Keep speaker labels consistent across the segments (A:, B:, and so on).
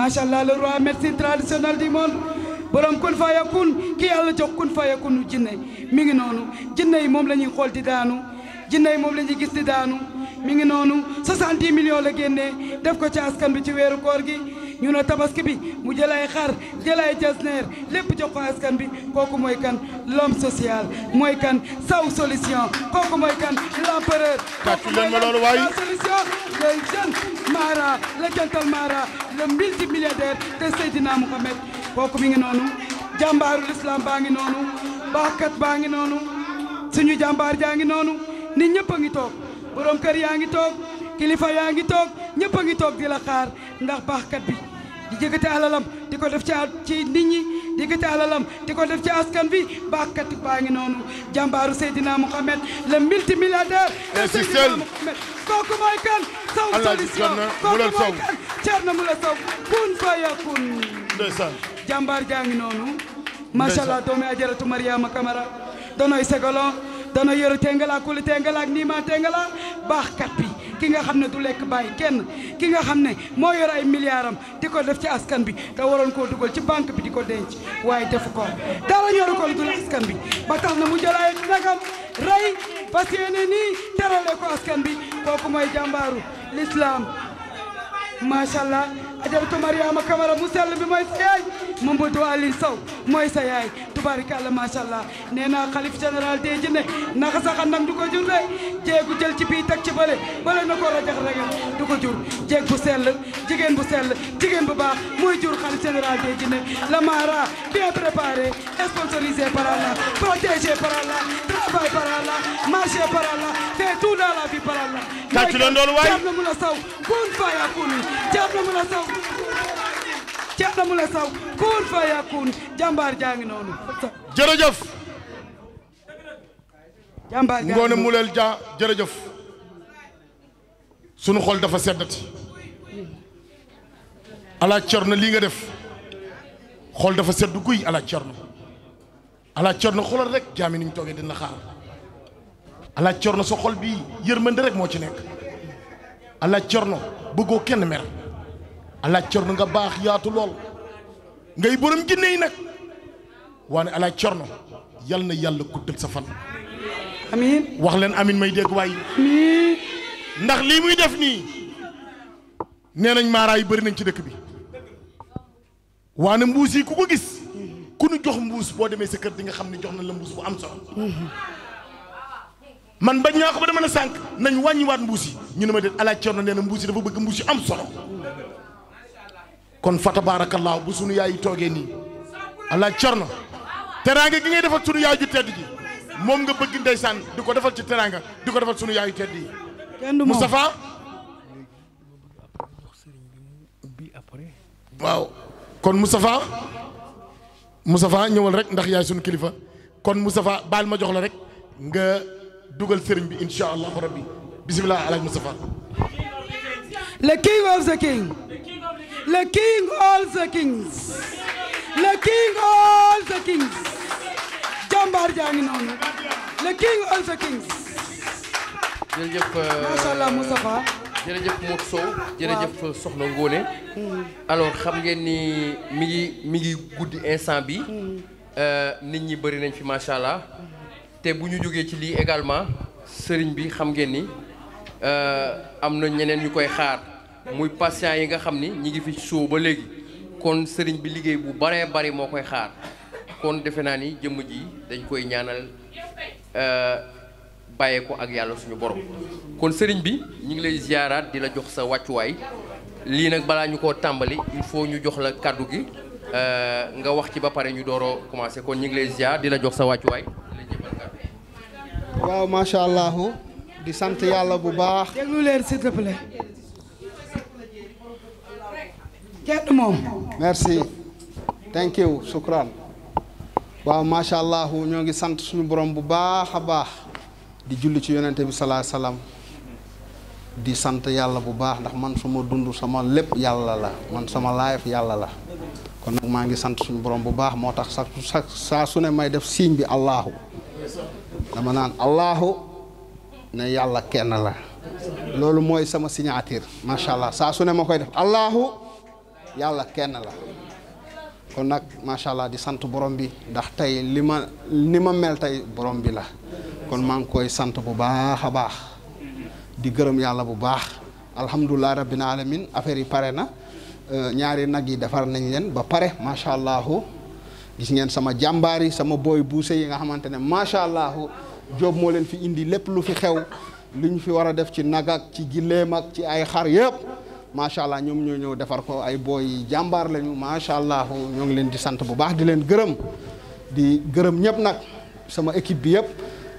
A: macha allah le roi médecine traditionnelle du monde borom kun fa yakun ki yàlla jox kun fa yakun mi ngi noonu jinne yi moom la ñuy xool di daanu jinne yi moom la ñuy gis di daanu mi ngi noonu 70 millions la génne def ko ci askan bi ci weeru koor gi ñu ne tabaski bi mu jëlay xar jëlay jasneer lépp jox ko askan bi kooku mooy kan l'homme social mooy kan saw solution kooku mooy kan l'empereur kooku mooy kan saw solution les jeunes Mara le jantal Mara le multimilliardaire te Seydina Mohamed kooku mi ngi noonu jàmbaaru l'islam baa ngi noonu baaxkat baa ngi noonu suñu jàmbaar jaa ngi noonu nit ñëpp a ngi toog borom kër yaa ngi toog kilifa yaa ngi toog ñëpp ngi toog di la xaar ndax baaxkat bi di alalam di ko def ci ci nit yëkkati alalam di ko def ci askan bi bàkkati baa ngi noonu jàmbaaru Seydina Mohamed le multimilliardaire de Seydina Mohamed kooku mooy kan saw solution kooku mooy kan Thierno Moule Sow kun fa yakun jàmbaar jaa ngi noonu macha allah doomi ajaratu Mariama Camara donoy segolon donoy yoru tengala kuli tengala niima tengala baaxkat bi ki nga xam ne du lekk bàyyi kenn ki nga xam ne moo yor ay milliards di ko def ci askan bi te waroon koo dugal ci banque bi di ko denc waaye defu ko dara ñoru ko dul askan bi ba tax na mu jël ay nagam rey fas yéene nii terale ko askan bi kooku mooy jàmbaaru l'islam macha allah ajaratu Mariama Kamara mu sell bi mooy sa yaay Mamadou Alioune Sow mooy sa yaay tubaarikàlla macha allah nee naa xalif général de jinne naka sax a du ko jur de jéegu jël ci bii teg ci bële bële na ko rajax ragal du jur jéeg bu sell jigéen bu sell jigéen bu ba mooy jur xalif général de jinne la mara bien préparé sponsorisé par Allah protégé par Allah travail par Allah marché par Allah fait tout dans la vie par na loolu na a saw kun faya kun jàpp na Thierno Moule jaa ngi noonu. jërëjëf. jàmbaar jaa Ngoone Moulel
B: Dia jërëjëf. sunu xol dafa seddati. ala Thierno lii nga def xol dafa sedd guy ala Thierno. ala Thierno xoolal rek jaami ni ñu toogee dina xaar. ala Thierno sa xol bi yërmande rek moo ci nekk. ala Thierno bëggoo kenn mer. alaaj corno nga baax yaatu lool ngay borom jinne yi nag waane alaaj corno yal na yàlla guddal sa fan amiin wax leen amin may dégg waaye ndax lii muy def nii nee nañ maaraa yi bëri nañ ci dëkk bi waane mbuus yi ku ko gis ku nu jox mbuus boo demee sa kër di nga xam ne jox na la mbuus bu am solo man bañ naa ko ba dama ne sànq nañ wàññiwaat mbuus yi ñu ne ma déet alaaj corno nee na mbuus yi dafa bëgg mbuus yi am solo kon fa tabaarakallaahu bu sunu yaay yi toogee nii allah corno teraanga gi ngay defal sunu yaay ju tedd ji moom nga bëgg ndeysaan di ko defal ci teraanga di ko defal sunu yaay yu tedd yi. kenn du Moustapha waaw kon Moustapha Moustapha ñëwal rek ndax yaay sunu kilifa kon Moustapha baal ma jox la rek nga dugal sëriñ bi
A: incha allahu rabbi bisimilah alaaj Moustapha. le king of the king. Le king all the kings. king all jaa ngi noonu. Le king all the kings.
C: jërëjëf. Euh, macha allah Moustapha. jërëjëf Modou Sow. jërëjëf Soxna Ngone. Hmm. alors xam ngeen ni mi ngi mi ngi guddi instant bi hmm. euh, nit ñi bëri nañ fi macha allah. Hmm. te bu ñu jógee ci lii également sëriñ bi xam ngeen ni euh, am na ñeneen ñu koy xaar. muy patient yi nga xam ni ñi ngi fi soo ba léegi kon sëriñ bi liggéey bu baree bari moo koy xaar kon defe naa ni jëmm ji dañ koy ñaanal euh, bàyyee ko ak yàlla suñu borom kon sëriñ bi ñu ngi lay ziyaaraat di la jox sa wàccuwaay lii nag balaa ñu ko tàmbali il faut ñu jox la kàddu gi euh, nga wax ci ba pare ñu dooroo commencé kon ñu ngi lay ziar di la jox sa wàccuwaay di
D: waaw macha allah di sant yàlla bu baax. déglu tedd moom merci thank you sukran waaw macha allah ñoo ngi sant suñu borom bu baax a baax di julli ci yonente bi salaa salaam di sant yàlla bu baax ndax man suma dund sama lépp yàlla la man sama life yàlla la kon maa ngi sant suñu borom bu baax moo tax sa saa su ne may def signe bi allahu dama naan allahu ne yàlla kenn la loolu mooy sama signature macha allah saa su ne ma koy def allahu yàlla kenn la kon nag macha allah di sant borom bi ndax tey li ma ni ma mel tey borom bi la kon maa ngi koy sant bu baax a baax di gërëm yàlla bu baax alhamdulilah rabbil alamin affaire yi pare na euh, ñaari nag yi defar nañ leen ba pare macha allah gis ngeen sama jàmbaar yi sama booy buuse yi nga xamante ne macha allah Jóob moo leen fi indi lépp lu fi xew li ñu fi war a def ci nag ak ci gileem ak ci ay xar yëpp. macha allah ñoom ñoo ñëw defar ko ay booy yi jàmbaar lañu macha allah ñoo ngi leen di sant bu baax di leen gërëm di gërëm ñëpp nag sama équipe bi yëpp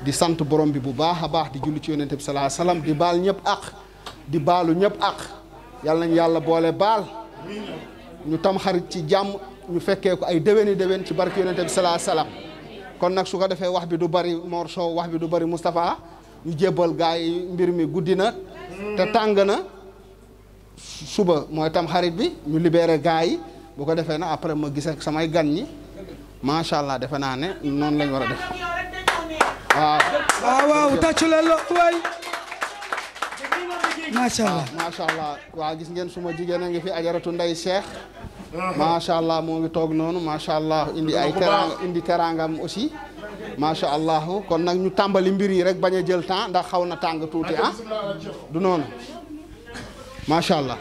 D: di sant borom bi bu baax a baax di julli ci yonente bi salaa salaam di baal ñëpp ak di baalu ñëpp ak yàlla nañ yàlla boole baal ñu tam xarit ci jàmm ñu fekkee ko ay déwéni déwén ci barke yonente bi salaa salaam kon nag su ko defee wax bi du bari Mor Sow wax bi du bari Moustapha ñu jébbal gars yi mbir mi guddi na te tàng na. suba mooy tam xarit bi ñu libéré gars yi bu ko defee na après ma gis samay gan ñi macha allah defe naa ne noonu lañ war a def
A: waaw. waaw waaw leen lo waay.
D: macha allah ah, allah gis ngeen suma jigéen a ngi fi ajaratu nday Cheikh. macha allah moo ngi toog noonu macha allah indi ay teranga indi terangam aussi. macha allah kon nag ñu tàmbali mbir yi rek bañ a jël temps ndax xaw na tàng tuuti ah du noonu. macha allah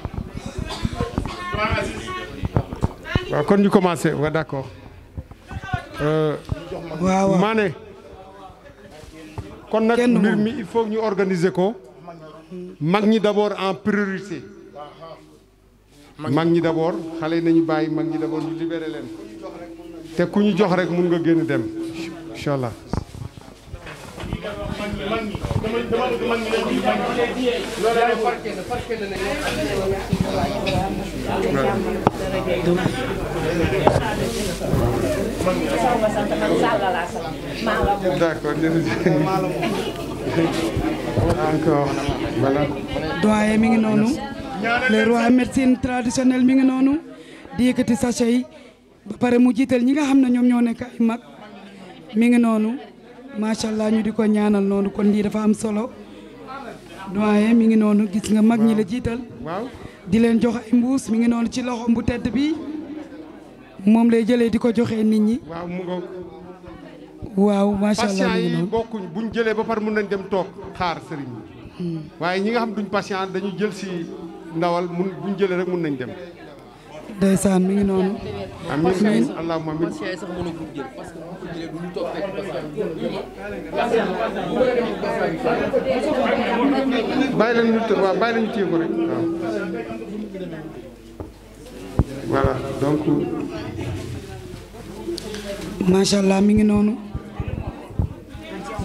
E: waaw kon ñu commencé waaw d'accord waaw maa ne kon nag mbir mi il faut ñu organiser ko mag ñi d'abord en priorité mag ñi d'abord xale yi nañu bàyyi mag ñi d'abord ñu libéré leen te ku ñu jox rek mun nga génn dem allah d'accord encore
A: mi ngi noonu. le roi médecine traditionnelle mi ngi noonu. di yëkkati sachet yi. ba pare mu jiital ñi nga xam ne ñoom ñoo nekk ay mag. mi ngi noonu. macha allah ñu di ko ñaanal noonu kon lii dafa am solo doyen mi ngi noonu gis nga mag ñi la jiital di leen jox ay mbuus mi ngi noonu ci loxoom bu tedd bi moom lay jëlee di ko joxee nit ñi waaw mu nga waaw macha allah patient
E: yi buñ jëlee ba pare mun nañ dem toog xaar sëriñ bi hmm. waaye ñi nga xam duñ patient dañu jël si ndawal mun buñ jëlee rek mun nañu dem
A: ndeysaan mi ngi noonu.
C: amiin allah
A: mi ngi noonu.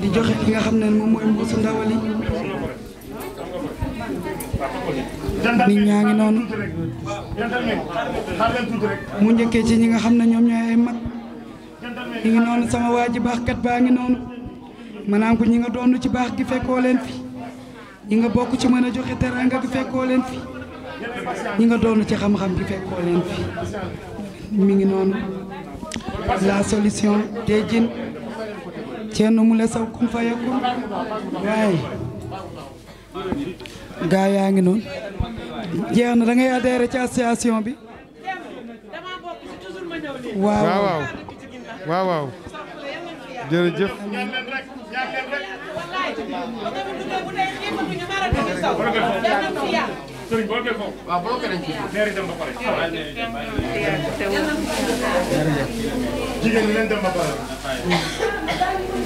A: di joxe ki nga xam ne moom mooy mbuusu ndawal nit ñaa ngi noonu mu njëkkee ci ñi nga xam ne ñoom ñooy ay mag ñi ngi noonu sama waa ji baaxkat baa ngi noonu maanaam ko ñi nga doon ci baax gi fekkoo leen fi ñi nga bokk ci mën a joxe teranga gi fekkoo leen fi ñi nga doon ci xam-xam gi fekkoo leen fi mi ngi noonu la solution te jin ceen mu le saw kum fa waaye gaa yaa ngi noonu jeex na da ngay adhéré ci association bi
F: waaw waaw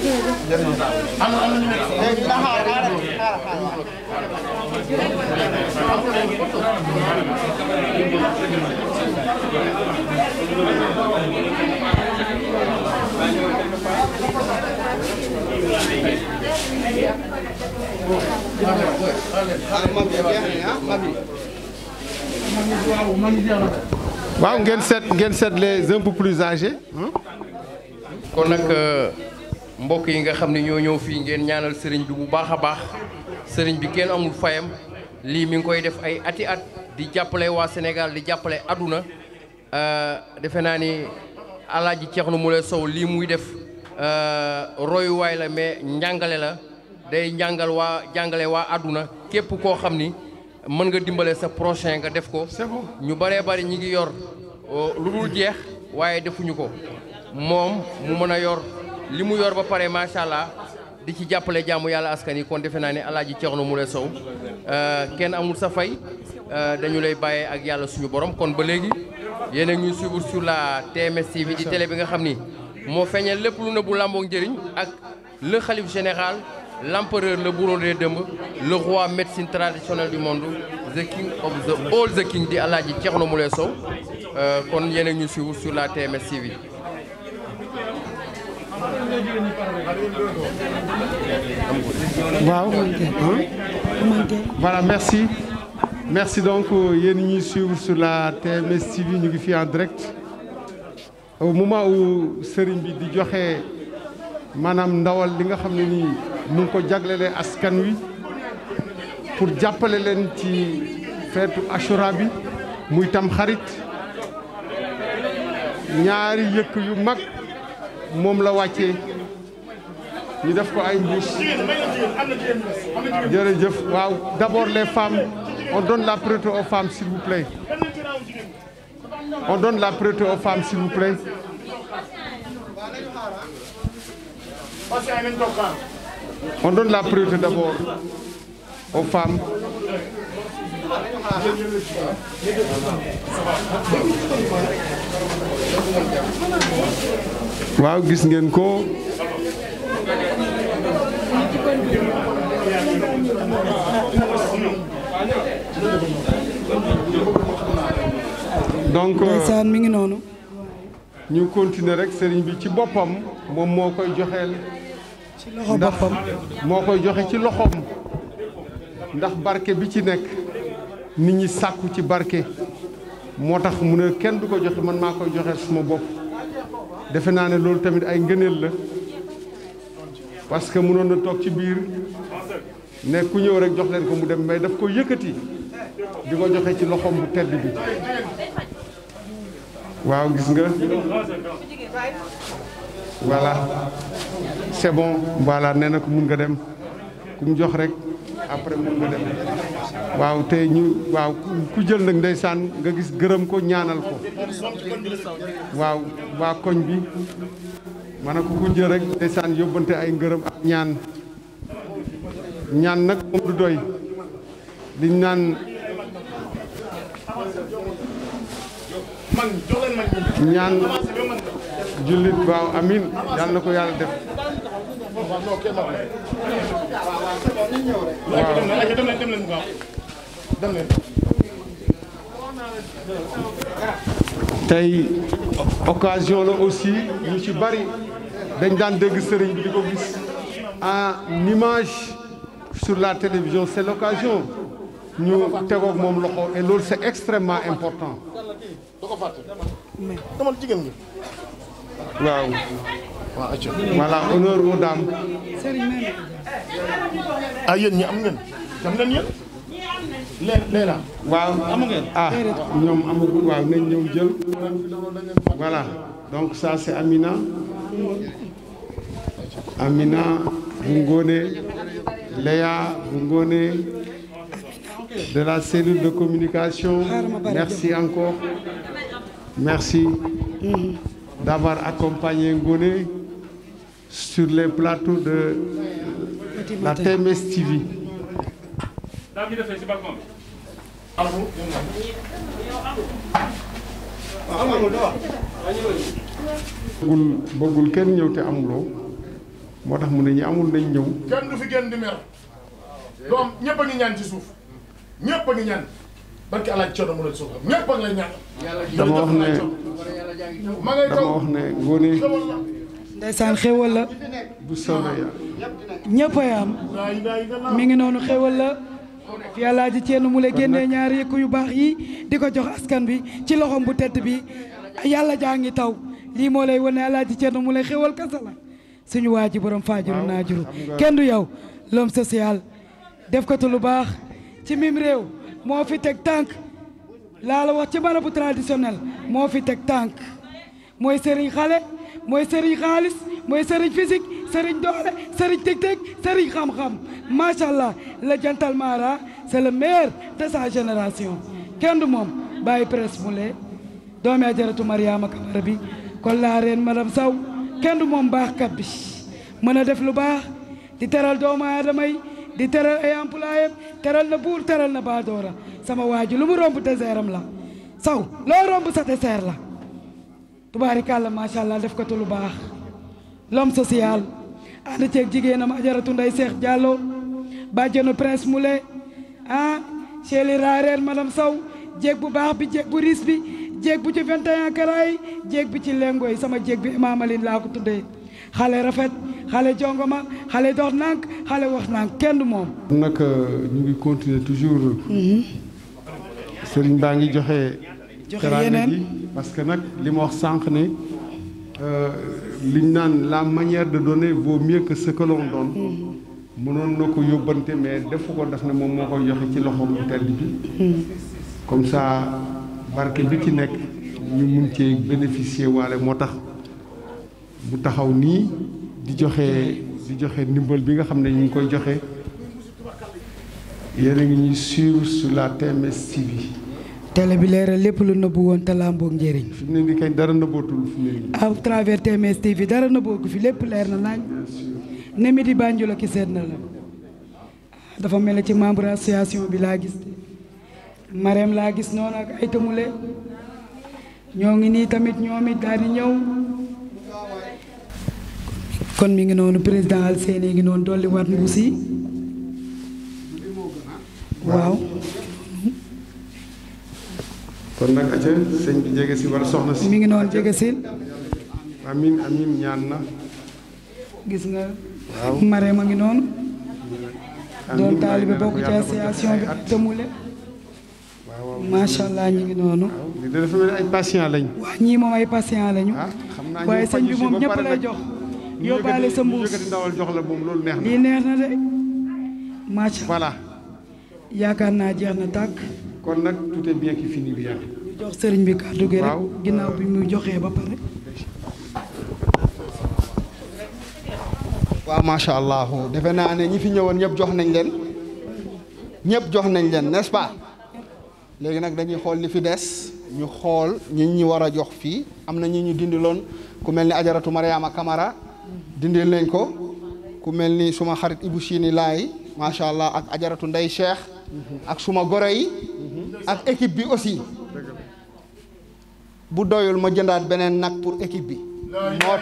B: am na
E: waaw ngeen seet ngeen seet le un peu plus âgés
C: kon nag euh, mbokk yi nga xam ne ñoo ñëw fii ngeen ñaanal sëriñ bi bu baax a baax sëriñ bi kenn amul fayam lii mi ngi koy def ay ati at di jàppale waa Sénégal di jàppale àdduna euh, defe naa ni alaaji Ceexna Moule Sow lii muy def euh, royuwaay la mais njàngale la day njàngal waa jàngale waa àdduna képp koo xam ni mën nga dimbale sa prochain nga def ko ñu baree bari ñi ngi yor euh, lu dul jeex waaye defuñu ko moom mu mën a yor li mu yor ba pare macha allah di ci jàppale jaamu yàlla askan yi kon defe naa ne alaaji Thierno Moule Sow euh, kenn amul sa fay euh, dañu lay bàyyee ak yàlla suñu borom kon ba léegi yéen a ñuy suivre sur la TMS TV di télé bi nga xam ni moo feeñal lépp lu nëbbu làmboog njëriñ ak le xalif général l'empereur le bourreau des dëmb le roi médecine traditionnelle du monde the king of the all the king di alaaji Thierno Moule Sow euh, kon yéen ñu ñuy suivre sur la TMS TV.
E: waaw voilà merci merci donc euh, yéen ñuy suivre sur la TMS TV ñu ngi fi en direct au moment sëriñ bi di joxe maanaam ndawal li nga xam ne nii mu ngi ko jaglelee askan wi pour jàppale leen ci feetu Achoura bi muy tam xarit ñaari yëkk yu mag. moom la wàccee ñu def ko ay mbuus
B: jërëjëf waaw d'abord les femmes on doon la priorité aux
E: femmes s'il vous plaît
B: on donne la priorité aux femmes s'il vous
E: on donne la priorité d'abord aux waaw gis ngeen ko donc euh, ndeysaan mi ngi noonu ñu continuer rekk sëriñ bi ci boppam moom moo koy joxeel ci loxo boppam koy joxe ci loxoom ndax barke bi ci nekk nit ñi sàkku ci barke moo tax mu ne kenn du ko joxe man maa koy joxe suma bopp defe naa ne loolu tamit ay ngëneel la parce que mënoon na toog ci biir ne ku ñëw rek jox leen ko mu dem mbay daf ko yëkkati di ko joxe ci loxoom bu tedd bi waaw gis nga voilà c'est bon voilà nee na ko mun nga dem ku jox rek. après mun nga dem waaw te ñu waaw ku jël nag ndeysaan nga gis gërëm ko ñaanal ko waaw waa koñ bi ma ne ko ku rek ndeysaan yóbbante ay ngërëm ak ñaan
B: ñaan nag moom du doy liñ naan
E: ñaan jullit waaw amin yàlla na ko yàlla def tey occasion la aussi ñu ci bari dañ daan dégg sëriñ bi di ko gis en image sur la télévision c'est l'occasion ñu tegoog moom loxo et loolu c'est extrêmement important waaw voilà honneur aux dames. Ah, ñi am ngeen. am ngeen yéen. lee waaw amu ah ñoom amagul waaw nañ ñëw jël. voilà donc ça c'est Amina. Amina bu ngoone. Léa de la cellule de communication. merci encore. merci. Mm-hmm. d'avoir accompagné Ngoné. sur les plateaux de
A: la TMS
E: TV. bëggul kenn ñëw te amuloo moo tax mu ne ñi amul nañ ñëw.
B: kenn du fi génn di mer doom ñëpp ngi ñaan ci suuf ñëpp ngi ñaan dama wax ne dama wax
A: ne ngoone. ndeysaan xéwal la mi ngi noonu xéwal la fi yàllaa ji ceen mu la génnee ñaari yu baax yi di ko jox askan bi ci loxom bu tedd bi yàlla jaa ngi taw lii moo lay wane yàllaa ji ceen mu lay suñu waa ji borom faajuru naajuru kenn du yow l'homme social def ko lu baax ci mim réew moo fi teg tànk laa la wax ci barabu traditionnel moo fi teg tànk mooy sëriñ xale mooy sëriñ xaalis mooy sëriñ physique sëriñ doole sëriñ teg-teg sëriñ xam-xam macha allah le jantal Mara c'est le meilleur de sa génération kenn du moom bàyyi presse mu lee doomi ajaratu Mariama Kamara bi kon la reine madame Sow kenn du moom baaxkat bi a def lu baax di teral doomu aadama di teral ay employé teral na buur teral na baadoora sama waa ji lu mu romb te la Sow loo romb sa te seer la tubaarikàlla macha allah def ko te baax l'homme social ànd ceeg jigéenam ajaratu nday Seex Diallo bàjjenu prince Moulé ah chéli raareer madame Sow jéeg bu baax bi jéeg bu riis bi jéeg bu ci 21 karaay jéeg bi ci lengoy sama jéeg bi imaamalin laa ko tuddee xale rafet xale jongoma xale dox nànk xale wax nànk kenn du moom.
E: nag euh, ñu ngi continuer toujours. Mhm. sëriñ baa ngi joxe.
A: joxe yeneen
E: parce que nag li ma wax sànq ne euh, liñ naan la manière de donner vaut mieux que ce que mënoon na ko yóbbante mais defu ko daf ne moom moo koy joxe ci loxoom tedd bi comme ça barke bi ci nekk ñu mun cee bénéficier waale moo tax bu taxaw nii di joxe di joxe ndimbal bi nga xam ne ñu ngi koy joxe yéen ngi ñuy suivre sur la TMS TV
A: télé bi leeral lépp lu nëbbu woon te làmboog njëriñ.
E: fi mu ne nii dara nëbbootul fi mu ne nii.
A: à travers TMS lépp leer na nañ. ne mi di Banjul ki seet na la. dafa mel ne ci membre association bi laa gis. Marème laa gis noonu ak ay tamule ñoo ngi nii tamit ñoomi it ñëw. kon mi ngi noonu président Alseyni ngi noonu dolli waat mbuus yi ah? waaw.
E: kon nag aca sëñ bi jege si wala soxna si. mi ngi
A: noonu jege si. amin amin ñaan na. gis nga. waaw mare ma ngi noonu. doon taalibe bokk ci association bi tëmule. macha allah ñu ngi noonu.
E: li dafa mel ni ay patient lañu. waaw
A: ñii moom ay patient lañu. Ah, waaye sëñ bi moom ñëpp lay jox. yóbbaale sa mbuus lii neex na de. macha allah yaakaar naa jeex na tàkk. kon nag tout est bien qui finit bien. ñu jox sëriñ bi kàddu gi rek ginnaaw bi muy joxee ba pare.
D: waaw macha allah defe naa ne ñi fi ñëwoon ñëpp jox nañ leen ñëpp jox nañ leen n'est-ce léegi nag dañuy xool li fi des ñu xool ñi ñi war a jox fii am na ñi ñu dindiloon ku mel ni ajaratu Mariama Kamara dindil nañ ko ku mel ni suma xarit Ibou Chini Laay macha allah ak ajaratu Ndey Cheikh. ak suma goro yi ak équipe bi aussi bu doyul ma jëndaat beneen nag pour équipe bi moo waaw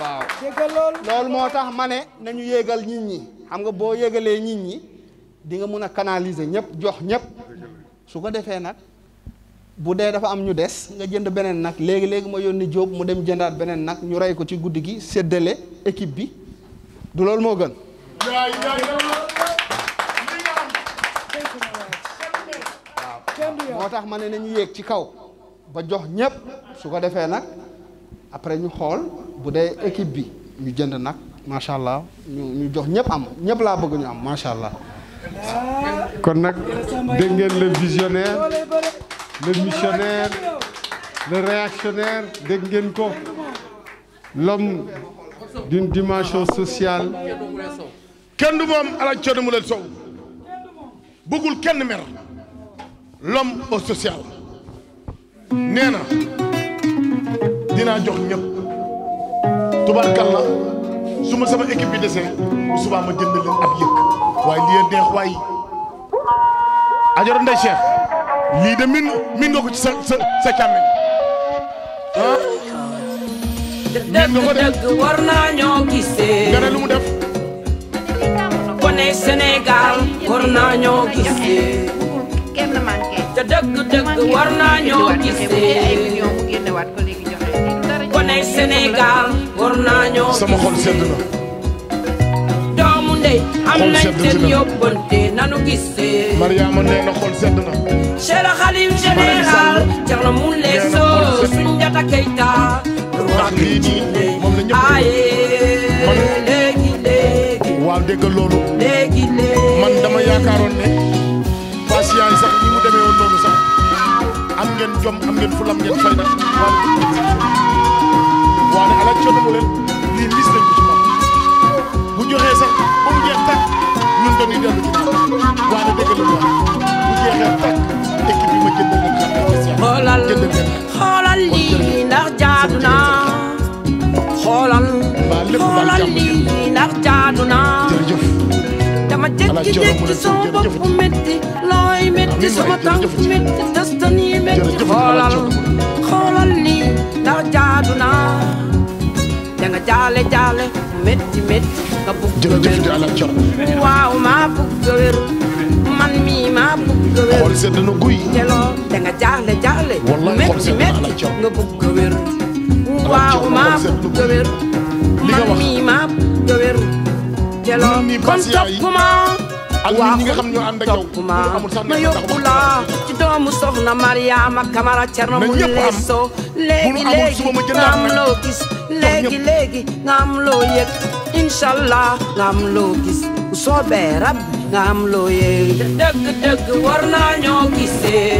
D: waaw moo tax ma ne nañu yéegal nit ñi xam nga boo yégalee nit ñi di nga mun a canaliser ñëpp jox ñëpp su ko defee nag bu dee dafa am ñu des nga jënd beneen nag léegi-léegi ma yónni Jóob mu dem jëndaat beneen nag ñu rey ko ci guddi gi séddale équipe bi du loolu moo gën waaw moo tax ma ne nañu yéeg ci kaw ba jox ñëpp su ko defee nag après ñu xool bu dee équipe bi ñu jënd nag macha allah ñu ñu jox ñëpp am ñëpp laa bëgg ñu am macha allah.
A: kon nag dégg ngeen le visionnaire le missionnaire
D: le
E: réactionnaire dégg ngeen ko l'homme d'une dimension
B: sociale. kenn du moom alaaj Thierno Moule kenn mer l'homme au social nee na dinaa jox ñëpp tubarkalla su ma sama équipe bi desee bu subaa ma jënd ab yëkk waaye li yee neex waay ajoro lii de min min nga ko sa sa dëgg dëgg war naa ñoo gisee. nga ne
F: lu mu def. kone Sénégal war naa ñoo gisee. te dëgg war naa ñoo gisee.
B: sama xol sedd na.
F: doomu ndey am nañ seen yóbbante nanu gisee. Mariama
B: nee na xol sedd na.
F: Cheikh Khalif général
B: Thierno Moule Sow Soundiata Keita. ndax lii nii moom la ñëpp léegi léegi waaw déggal loolu léegi léegi man dama yaakaaroon ne patients sax ñi mu demee sax am ngeen jom am ngeen fulam ngeen fayda waane ala coono leen lii lis nañ bu joxee sax ba mu ñun dañuy dellu jeexee takk équipe bi ma jëndal leen carte spéciale. xoolal xoolal
F: lii ndax jaadu naa. xoolal xoolal lii ndax jaadu naa. jërëjëf. dama jékki-jékki sama bopp métti. looy métti sama tànk métti. destin yi métti xoolal xoolal lii ndax jaadu naa. nga jaale jaale métti métti
B: nga bugg a wéru
F: a wéru man mii maa bugg a wéru xool sedd na guy te loo da nga jaale jaale nga bugg a wéru waaw maa bugg a wéru man mii maa bugg a wéru te loo kon topp waaw xul topp ma ma yóbbu la ci doomu soxna Mariama Kamara Cerno mu leeso léegi léegi nga loo gis léegi léegi loo yëg inshallah nga am loo gis bu dëgg dëgg war naa ñoo gisee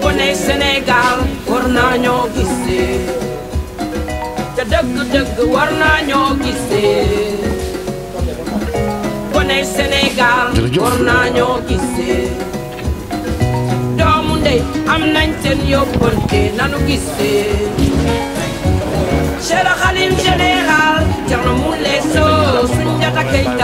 F: bu ne war naa ñoo gisee te dëgg dëgg war naa ñoo gisee gone Sénégal war naa ñoo doomu ndey am nañ seen yóbbante nanu gisee Cheikh Khadim général Thierno Moule Sow Soundiata Keita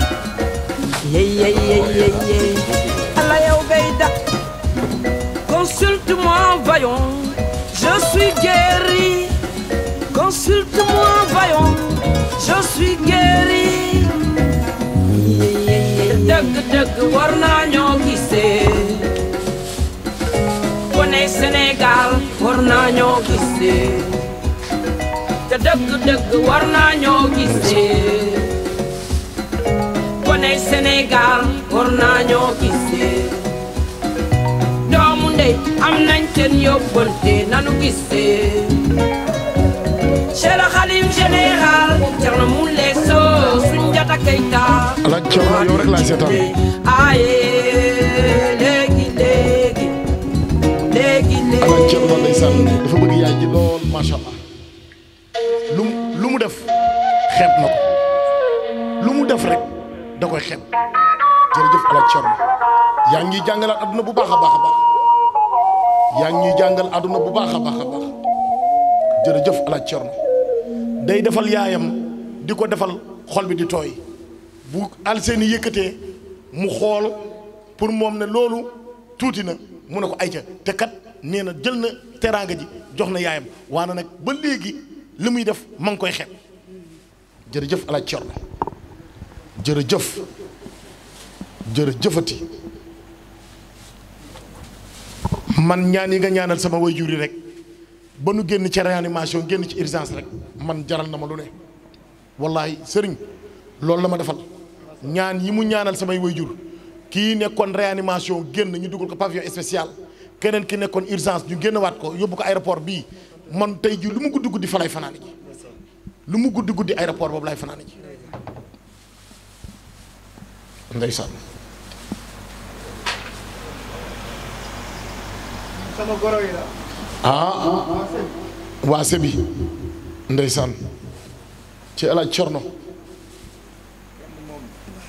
F: yey yey yey yey ala je suis guéri consulte-moi voyons je suis guéri dëgg dëgg war naa ñoo gisee kone Sénégal war naa ñoo gisee te dëgg dëgg war naa gone Sénégal war naa ñoo gisee doomu ndey am nañ seen yóbbante nanu gisee Cheikh Khalim général Thierno Moule Sow Soundiata Keita
B: alaaj Thierno yow rek laay seetaan aaye léegi léegi léegi léegi alaaj lu mu def xeeb na lu mu def rek da koy xem jërëjëf El Hadj Thierno yaa ngi jàngal àdduna bu baax a baax a baax yaa ngi jàngal àdduna bu baax a baax a baax jërëjëf day defal yaayam di ko defal xol bi di tooy bu alseeni yëkkatee mu xool pour moom ne loolu tuuti na mu ne ko ay ca te kat nee na jël na teraanga ji jox na yaayam waana nag ba léegi li muy def ma ngi koy xeeb jërëjëf El Hadj Thierno jëf jërëjëf jërëjëfati man ñaan yi nga ñaanal sama waajur yi rek ba nu génn ci réanimation génn ci urgence rek man jaral na ma lu ne wallaay sëriñ loolu la ma defal ñaan yi mu ñaanal samay waajur kii nekkoon réanimation génn ñu dugal ko pavillon spécial keneen ki nekkoon urgence ñu génnewaat ko yóbbu ko aéroport bii man tey ji lu mu guddi guddi fa lay ji lu mu guddi guddi aéroport boobu lay fanaane ji ndeysaan sama goro yi ah waa Sébi ndeysaan ci El Hadj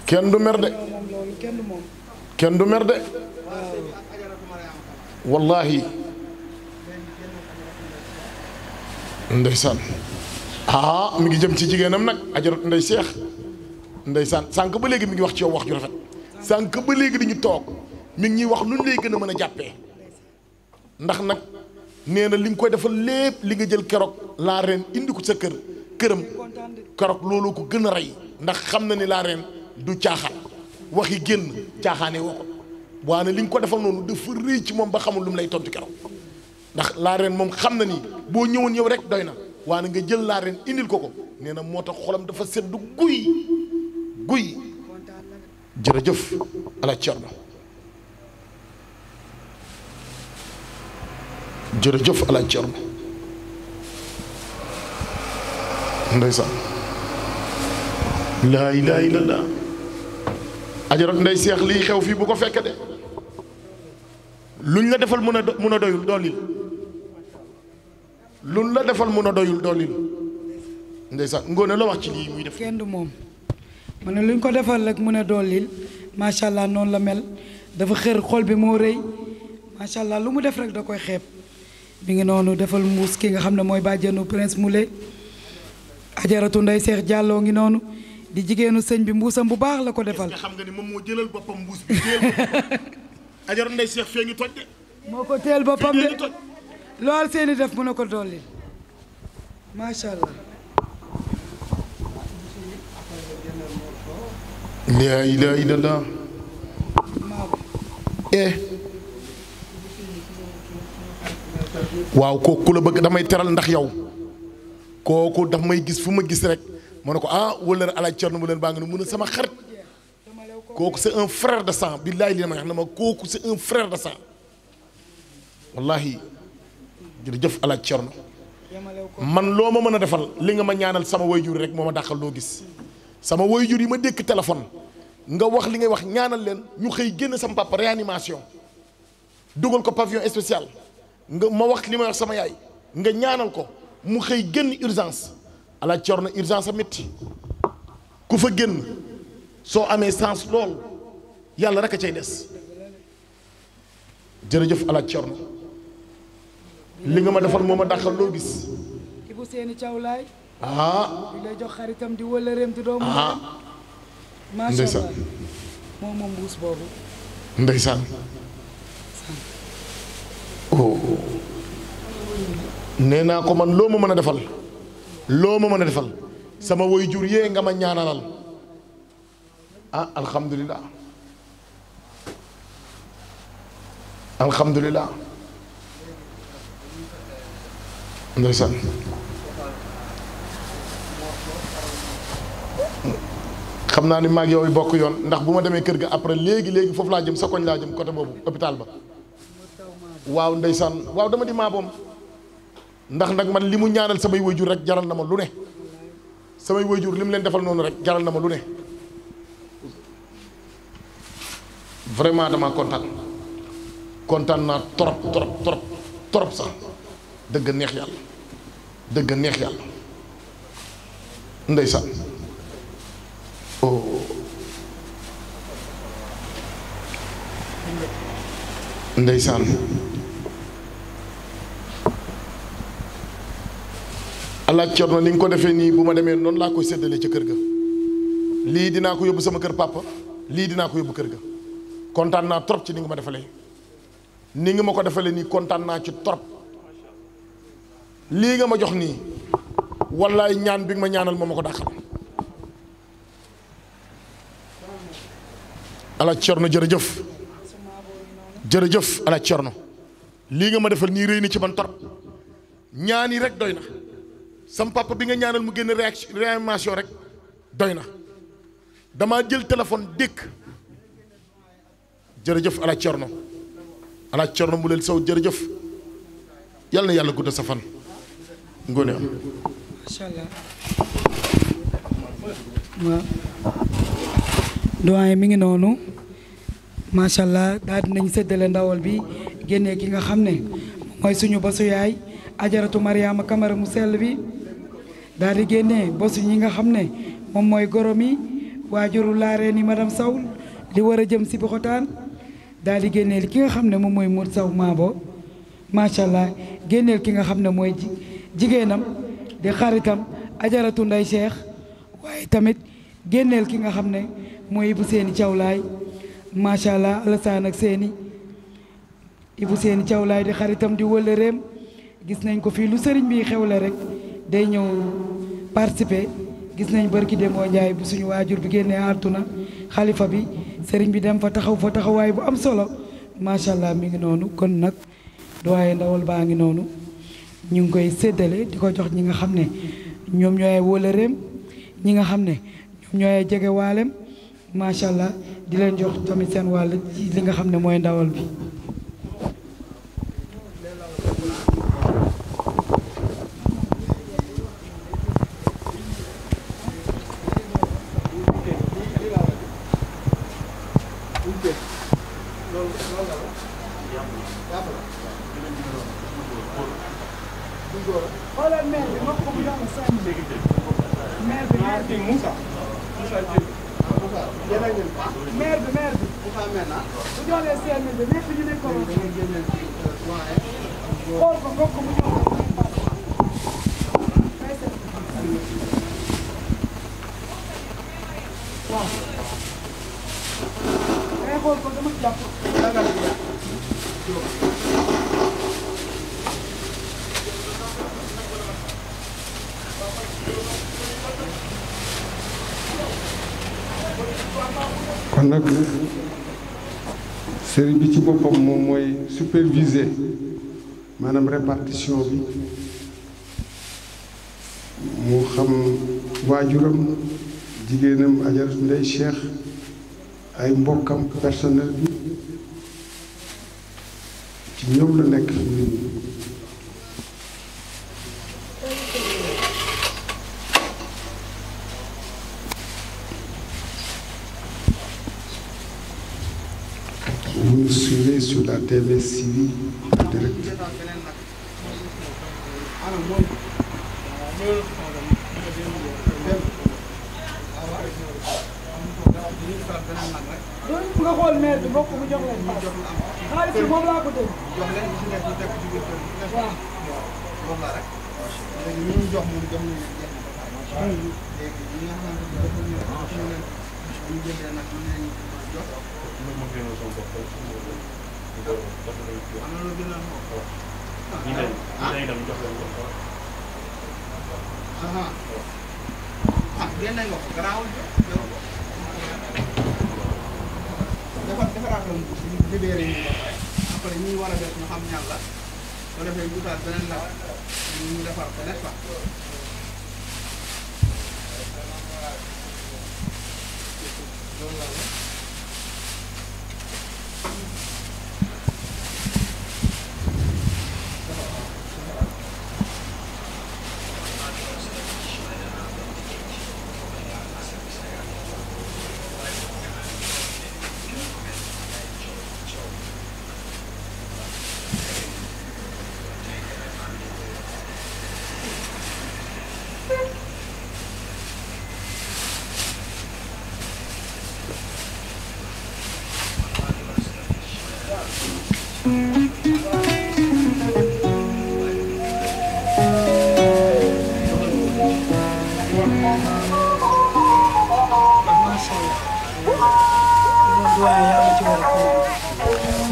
B: kenn du mer de kenn du mer de wallaahi ndeysaan ah mi ngi jëm ci jigéenam nag ajarat ndey seex ndeysaan sànq ba léegi mi ngi wax ci yow wax ju rafet sànq ba léegi dañu toog mi ngi ñuy wax lu lay gën a mën a jàppee ndax nag nee na li nga koy defal lépp li nga jël keroog laa reen indi ko sa kër këram keroog loolu ko gën a rey ndax xam na ni laa reen du caaxaan waxi génn caaxaanee woo ko ne nag li nga ko defal noonu dafa rëy ci moom ba xamul lu mu lay tontu keroog ndax laa reen moom xam na ni boo ñëwoon yow rek doy na waaye nga jël la reen indil ko ko nee na moo tax xolam dafa sedd guy. guy jërëjëf ala Cerno jërëjëf ala Cerno ndeysaan laa ilaaha illallaah ajarat ndey seex lii xew fii bu ko fekke de luñ la defal mun a mun a doyul doolil la defal mun a doyul doolil ndeysaan ngoone la wax ci
A: lii muy def moom mu ne lu ñu ko defal rek mu ne dollil macha allah noonu la mel dafa xër xol bi moo rëy macha allah lu mu def rek da koy xeeb bi ngi noonu defal muus ki nga xam ne mooy bàjjenu prince Moulé ajaratu ndey Seex Jàlloo ngi noonu di jigéenu sëñ bi mbuusam bu baax la ko defal. xam
B: nga ni moom moo jëlal boppam mbuus bi ajaratu ndey
A: moo ko teel boppam de lool seeni def mu ne ko dollil macha allah.
B: laa ilaaha illallah eh waaw kooku la bëgg damay teral ndax yow kooku daf may gis fu ma gis rek ma ne ko ah wala alaaj Cerno mu leen baa ngi ne mu ne sama xarit kooku c'est un frère de sang billaay li ma xam ne ma kooku c'est un frère de sang wallahi jërëjëf alaaj Cerno man loo ma mën a defal li nga ma ñaanal sama wayjur rek moo ma dàqal loo gis sama wayjur yi ma dékk téléphone nga wax li ngay wax ñaanal leen ñu xëy génn sama papa réanimation dugal ko pavillon spécial nga ma wax li may wax sama yaay nga ñaanal ko mu xëy génn urgence ala cor na urgence a métti ku fa génn soo amee sens lool yàlla rek a cay des jërëjëf ala cor na li nga ma defal moo ma dàqal loo gis.
A: ndeysaan moom moom mbuus boobu
B: ndeysaan oh. nee naa ko man loo ma mën a defal loo ma mën a defal sama woy jur yee nga ma ñaanalal ah alhamdulilah alhamdulilah ndeysaan xam naa ni maag yow bokk yoon ndax bu ma demee kër gi après léegi léegi foofu laa jëm sa koñ laa jëm côté boobu hôpital ba waaw ndeysaan waaw dama di maaboom ndax nag man li mu ñaanal samay wayjur rek jaral na ma lu ne samay wayjur li mu leen defal noonu rek jaral na ma lu ne vraiment dama kontaan kontaan naa trop trop trop trop sax dëgg neex yàlla dëgg neex yàlla ndeysaan ndeysaan alaaj Cerno ni nga ko defee nii bu ma demee noonu laa koy séddale ca kër ga lii dinaa ko yóbbu sama kër papa lii dinaa ko yóbbu kër ga kontaan naa trop ci ni nga ma defalee ni nga ma ko defalee nii kontaan naa ci trop lii nga ma jox nii wallaay ñaan bi nga ma ñaanal moo ma ko dàqal ala Cerno jërëjëf jërëjëf ala Cerno lii nga ma defal nii réy ni ci man torop ñaan yi rek doy na sama papa bi nga ñaanal mu génn réanimation rek doy na damaa jël téléphone dékk jërëjëf ala Cerno ala Cerno mu leen saw jërëjëf yàlla na yàlla gudd sa fan ngoone am
A: doyen mi ngi noonu macha allah daal nañu séddale ndawal bi génnee ki nga xam ne mooy suñu bosu yaay ajaratu Mariama Kamara mu sell bi daal di génnee bosu ñi nga xam ne moom mooy gorom yi waajuru laaree ni madame Sow li war a jëm si bi xotaan daal di génneel ki nga xam ne moom mooy Mour Sow Maabo macha allah génneel ki nga xam ne mooy jigéenam di xaritam ajaratu nday Cheikh waaye tamit. génneel ki nga xam ne mooy Ibou Seyni Thiawlaay macha allah Alassane ak Seyni Ibou Seyni Thiawlaay di xaritam di wëllëreem gis nañ ko fii lu sëriñ bi xewle rek day ñëw participer gis nañ barki Demba Ndiaye bu suñu waajur bi génnee àdduna xalifa bi sëriñ bi dem fa taxaw fa taxawaay bu am solo macha allah mi ngi noonu kon nag waaye ndawal baa ngi noonu ñu ngi koy séddale di ko jox ñi nga xam ne ñoom ñooy wëllëreem ñi nga xam ne. ñooy jege waaleem macha allah di leen jox tamit seen wàll ci li nga xam ne mooy ndawal bi. kon dama jàpp
E: bi nag ci boppam moom mooy superviser maanaam répartition bi mu xam waajuram. jigéenam ajaratu ndey Cheikh ay mbokkam personnel bi ci ñoom la nekk nit ñi vous nous suivez sur la TV Civi direct
A: bokk mu jox leen paas xaalis bi moom laa ko dégg.
D: jox leen ñu si nekk ñu teg ko ci biir kër gi. waaw moom la rek. léegi ñu ñu jox moom jox ñu leen jeex na ba pare. léegi ñi nga xamante ne dafa ñu leen ñu leen ñu jëndee nag ñu leen jox. am na lu gën a xool. ñu dem ñu dem
A: itam
B: jox leen ko.
D: ah ah, ah génne nga ko garaawul jox. ñoom ñu libéré ñu ba pare après ñu war a def ñu xam ñan la bu defee jutaat beneen la ñu defar ko n'est-ce pas. loolu la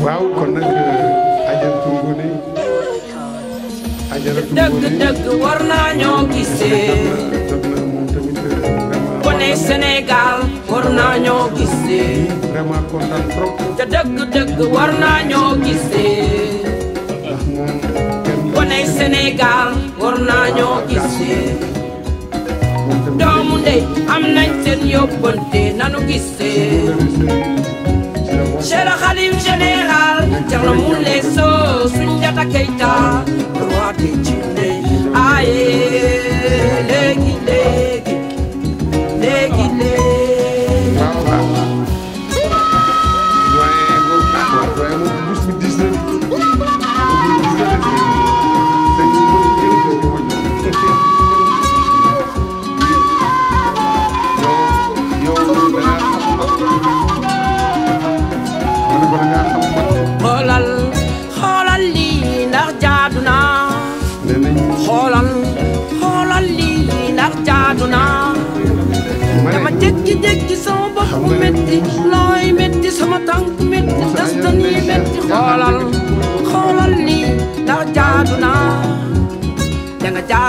E: waaw kon nag euh, ajaratu Ngoné
F: ajaratu Ngoné dëgg
E: war naa ñoo gisee
F: euh, war naa ñoo gisee vraiment kontaan trop war naa ñoo war naa ñoo gisee doomu ndey am nañ seen yóbbante nanu gisee Cheikh Khalif général Thierno Moule Sow Soundiata Keita roi des Djinné aye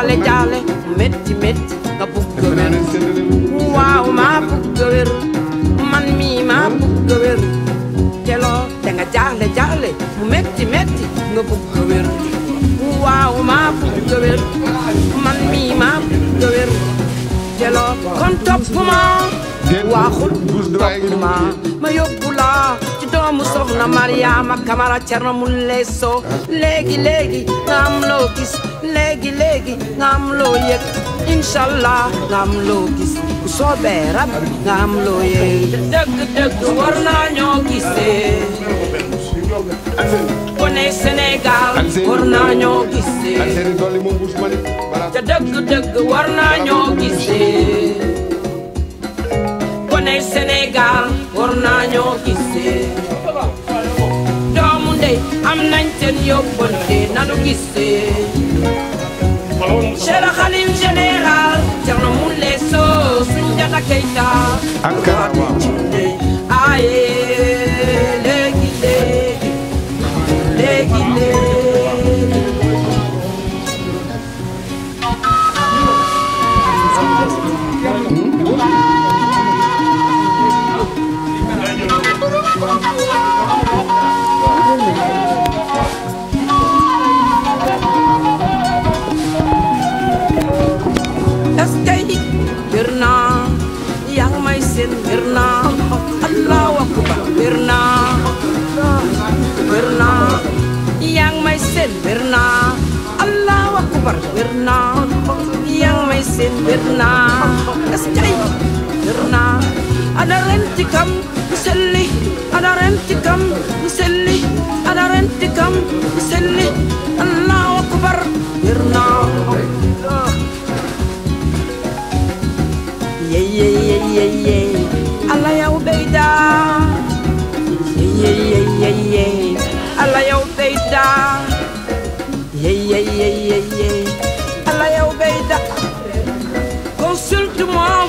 F: jaale a maa bugg a wér man mii maa bugg a wér te loo da nga jaale jaale mu métti métti nga bugg a wér maa bugg a man mii maa bugg a wér te loo kon topp ma waaxul topp ma ma laa ci doomu soxna Mariama Kamara Cerno mu leesoo léegi léegi nga am loo gis léegi léegi nga am loo yëg incha allah nga am loo gis ku soobee rab nga am loo yëg dëgg dëgg war naa ñoo gisee ku ne Sénégal war naa ñoo gisee te dëgg dëgg war naa ñoo gisee ku ne Sénégal war naa ñoo gisee doomu ndey am nañ seen yóbbante nanu gisee Cheikh Khalil général Thierno Moule Sow Soundiata Keita ak seen wér naa es cay wér naa ana ren ci kam bu selli ana ren ci kam bu selli ana ren ci kam bu selli allahu akbar wér naa yeyeyeyeye ala yow béy daa yeyeyeyeye ala yow béy daa yeyeyeyeye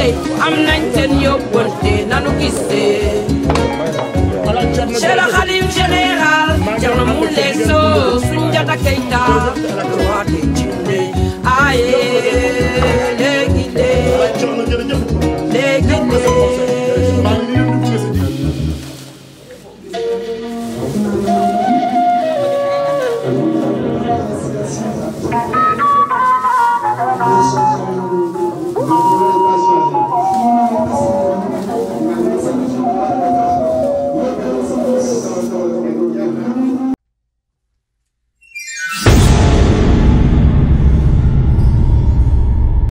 F: dey am nañ seen yóbbante nanu gisee Cheikh Khalif général Thierno Moule Sow Soundiata Keita roi des jinne aye léegi dee